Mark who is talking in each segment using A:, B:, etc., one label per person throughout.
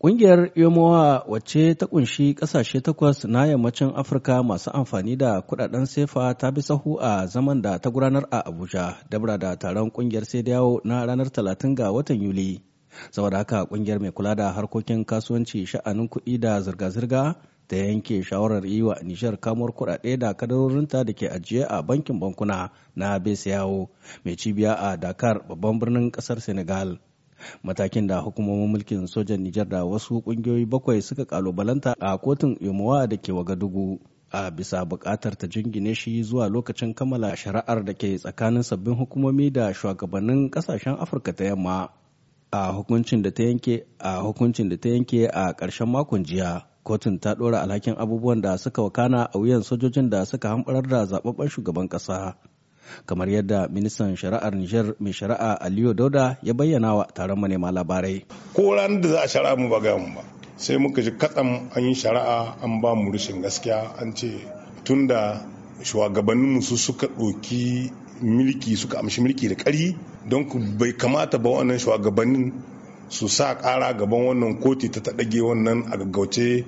A: Ƙungiyar Yomowa wacce ta ƙunshi ƙasashe takwas na yammacin Afirka masu amfani da kudaden sefa ta bi sahu a zaman da ta gudanar a Abuja, dabra da taron ƙungiyar yawo na ranar 30 ga watan Yuli. Saboda haka ƙungiyar mai kula da harkokin kasuwanci sha'anin kuɗi da zirga-zirga ta yanke shawarar yi wa Nijar kamar kuɗaɗe da kadarorinta da ke ajiye a bankin bankuna na Besiyawo mai cibiya a Dakar babban birnin ƙasar Senegal. matakin da hukumomin mulkin sojan Nijar da wasu kungiyoyi bakwai suka kalubalanta a kotun Yomowa da ke Wagadugu a bisa buƙatar ta jingine shi zuwa lokacin kammala shari'ar da ke tsakanin sabbin hukumomi da shugabannin ƙasashen Afirka ta yamma a hukuncin da ta yanke a hukuncin da ta yanke a ƙarshen makon jiya kotun ta ɗora alhakin abubuwan da suka wakana a wuyan sojojin da suka hamɓarar da zaɓaɓɓen shugaban ƙasa kamar yadda ministan shari'ar Nijar mai shari'a Aliyu Dauda ya bayyana wa taron manema labarai.
B: Ko ranar da za a shari'a mu ba gaya mu ba.
A: Sai muka ji katsam an yi shari'a an ba mu rushin gaskiya an ce
B: tun da shugabanninmu su suka ɗoki mulki suka amshi mulki da ƙari don ku bai kamata ba wannan shugabannin su sa ƙara gaban wannan koti ta taɗage wannan a gaggauce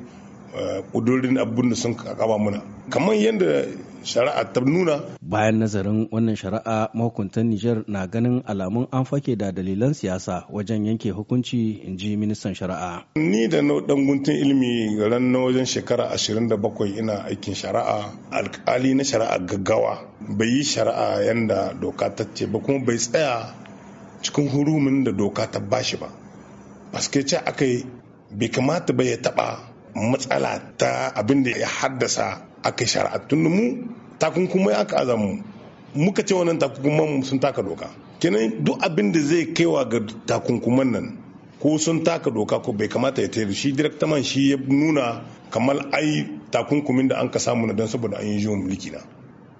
B: kudurin abin da sun kaba muna kamar yadda
A: shari'a ta nuna bayan nazarin wannan shari'a mahukuntan Nijar na ganin alamun an fake da dalilan siyasa wajen yanke hukunci in ji ministan shari'a
B: ni da na guntun ilimi ran na wajen shekara 27 ina aikin shari'a alkali na shari'a gaggawa bai yi shari'a yadda doka ta ce ba kuma bai tsaya cikin hurumin da doka ta bashi ba paske aka bai kamata ba ya taba matsala ta abin da ya haddasa aka shari'atun mu takunkumai aka azamu muka ce wannan takunkuman sun taka doka kenan duk abin da zai kaiwa ga takunkuman nan ko sun taka doka ko bai kamata ya tayar shi direktaman shi ya nuna kamar ai takunkumin da an ka samu na don saboda an yi jiwon mulki na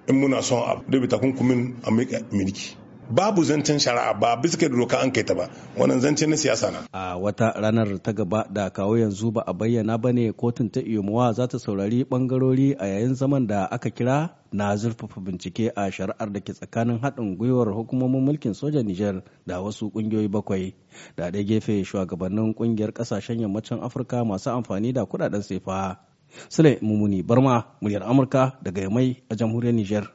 B: in muna son a bi takunkumin a mulki babu zancen shari'a ba bisa doka an kai ta ba wannan zance na siyasa na
A: a wata ranar ta gaba da kawo yanzu ba a bayyana ba ne kotun ta iyomuwa za ta saurari bangarori a yayin zaman da aka kira na zurfafa bincike a shari'ar da ke tsakanin haɗin gwiwar hukumomin mulkin sojan Nijar da wasu ƙungiyoyi bakwai da ɗaya gefe shugabannin ƙungiyar ƙasashen yammacin Afirka masu amfani da kuɗaɗen sefa. Sule Mumuni Barma, muryar Amurka daga Yamai a jamhuriyar Nijar.